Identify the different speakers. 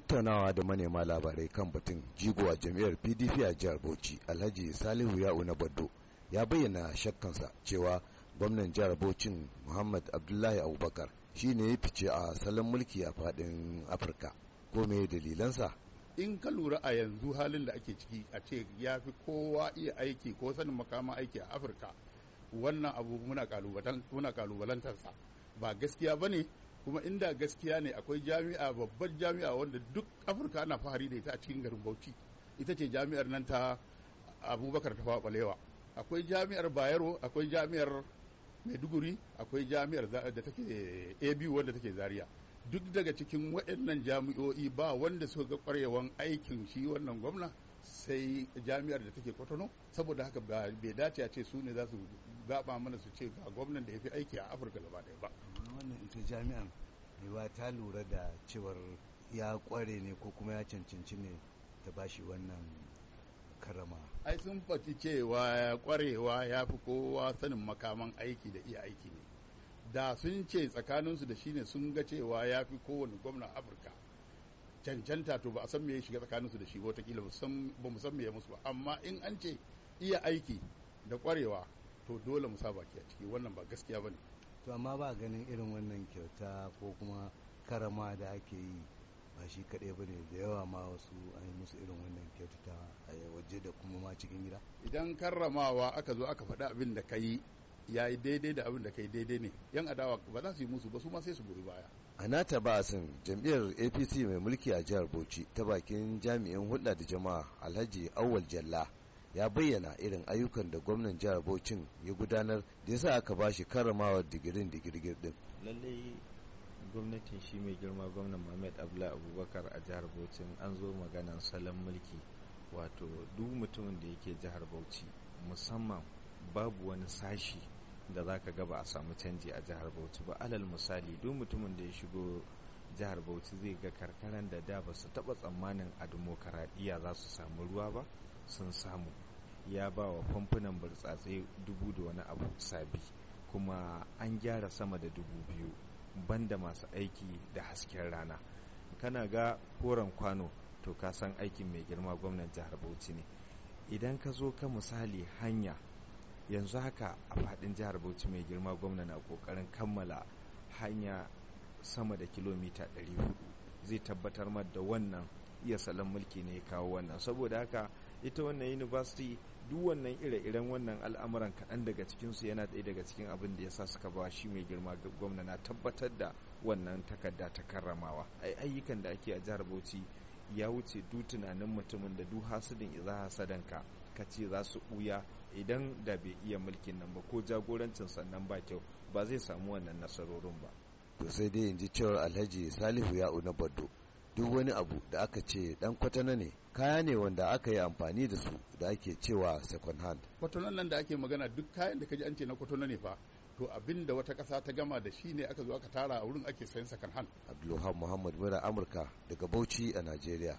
Speaker 1: tattaunawa da manema labarai kan batun jigowa jam'iyyar pdp a jihar bauchi alhaji salihu ya'u na baddo ya bayyana shakkansa cewa gwamnan jihar bauchin muhammad abdullahi abubakar shi ne ya fice a salon mulki a fadin afirka ko me dalilansa
Speaker 2: in ka lura a yanzu halin da ake ciki a ce ya fi kowa iya aiki ko sanin makaman aiki a afirka wannan abu muna kalubalantarsa ba gaskiya ba ne kuma inda gaskiya ne akwai jami'a babbar jami'a wanda duk afirka ana fahari da ita a cikin garin bauchi ita ce jami'ar nan ta abubakar tafawa balewa akwai jami'ar bayero akwai jami'ar maiduguri akwai jami'ar da take abu wanda take zaria duk daga cikin waɗannan jami'o'i ba wanda suka ga ƙwarewan aikin shi wannan gwamna sai jami'ar da take kwatano saboda haka bai dace a ce su ne za su gaba mana su ce ga gwamnan da ya fi aiki a afirka gaba ɗaya ba wannan ita jami'an ba ta lura da cewar ya
Speaker 1: kware ne ko kuma ya cancanci ne ta bashi wannan karama
Speaker 2: ai sun faci cewa ya kwarewa ya fi kowa sanin makaman aiki da iya aiki ne da sun ce tsakaninsu da shine sun ga cewa ya fi kowane gwamnan afirka cancanta to ba a san me ya shiga tsakaninsu da shi ba watakila ba mu san me ya musu ba amma in an ce iya aiki da kwarewa to dole mu sa baki a ciki wannan ba gaskiya ba ne to amma ba ganin irin wannan kyauta ko kuma karama da ake yi ba shi
Speaker 1: kaɗai ba ne da yawa ma wasu an yi musu irin wannan kyauta a waje da kuma ma cikin gida
Speaker 2: idan karramawa aka zo aka faɗi abin da ka yi ya yi daidai da abin da kai daidai ne yan adawa ba za su yi musu ba su ma sai su guri baya
Speaker 1: a nata san jam'iyyar apc mai mulki a jihar bauchi ta bakin jami'in hulɗa da jama'a alhaji auwal jalla ya bayyana irin ayyukan da gwamnan jihar bauchin ya gudanar da ya sa aka ba shi karamawa digirin digirgir din
Speaker 3: lallai gwamnatin shi mai girma gwamnan mohammed abdullahi abubakar a jihar bauchi an zo maganan salon mulki wato duk mutumin da yake jihar bauchi musamman babu wani sashi da za ka gaba a samu canji a jihar bauchi ba alal misali duk mutumin da ya shigo jihar bauchi zai ga karkaran da da ba su taba tsammanin a dimokuraɗiyya za su samu ruwa ba sun samu ya ba wa famfunan burtsatse dubu da wani abu sabi kuma an gyara sama da dubu biyu banda masu aiki da hasken rana kana ga koren kwano to ka san aikin mai girma gwamnan jihar bauchi ne idan ka zo ka misali hanya yanzu haka a fadin jihar bauchi mai girma gwamna na kokarin kammala hanya sama da kilomita 400 zai tabbatar ma da wannan iya salon mulki ne ya kawo wannan saboda haka ita wannan university duk wannan ire-iren wannan al'amuran kaɗan daga cikinsu yana ɗaya daga cikin abin da ya sa suka ba shi mai girma gwamna na tabbatar da wannan takarda ta karramawa ai ayyukan da ake a jihar bauchi ya wuce du tunanin mutumin da du hasidin iza hasadanka aka ce za su ɓuya idan da bai iya mulkin nan ba ko jagorancin sannan ba kyau ba zai samu wannan nasarorin ba
Speaker 1: to sai dai in ji cewar alhaji salihu ya'u na bado duk wani abu da aka ce dan kwatana ne kaya ne wanda aka yi amfani da su da ake cewa second hand
Speaker 2: kwatanan nan da ake magana duk kayan da kaji an ce na kwatana ne fa to abin da wata kasa ta gama da shi ne aka zo aka tara a wurin ake sayan second hand
Speaker 1: abdulluhan muhammad mura amurka daga bauchi a najeriya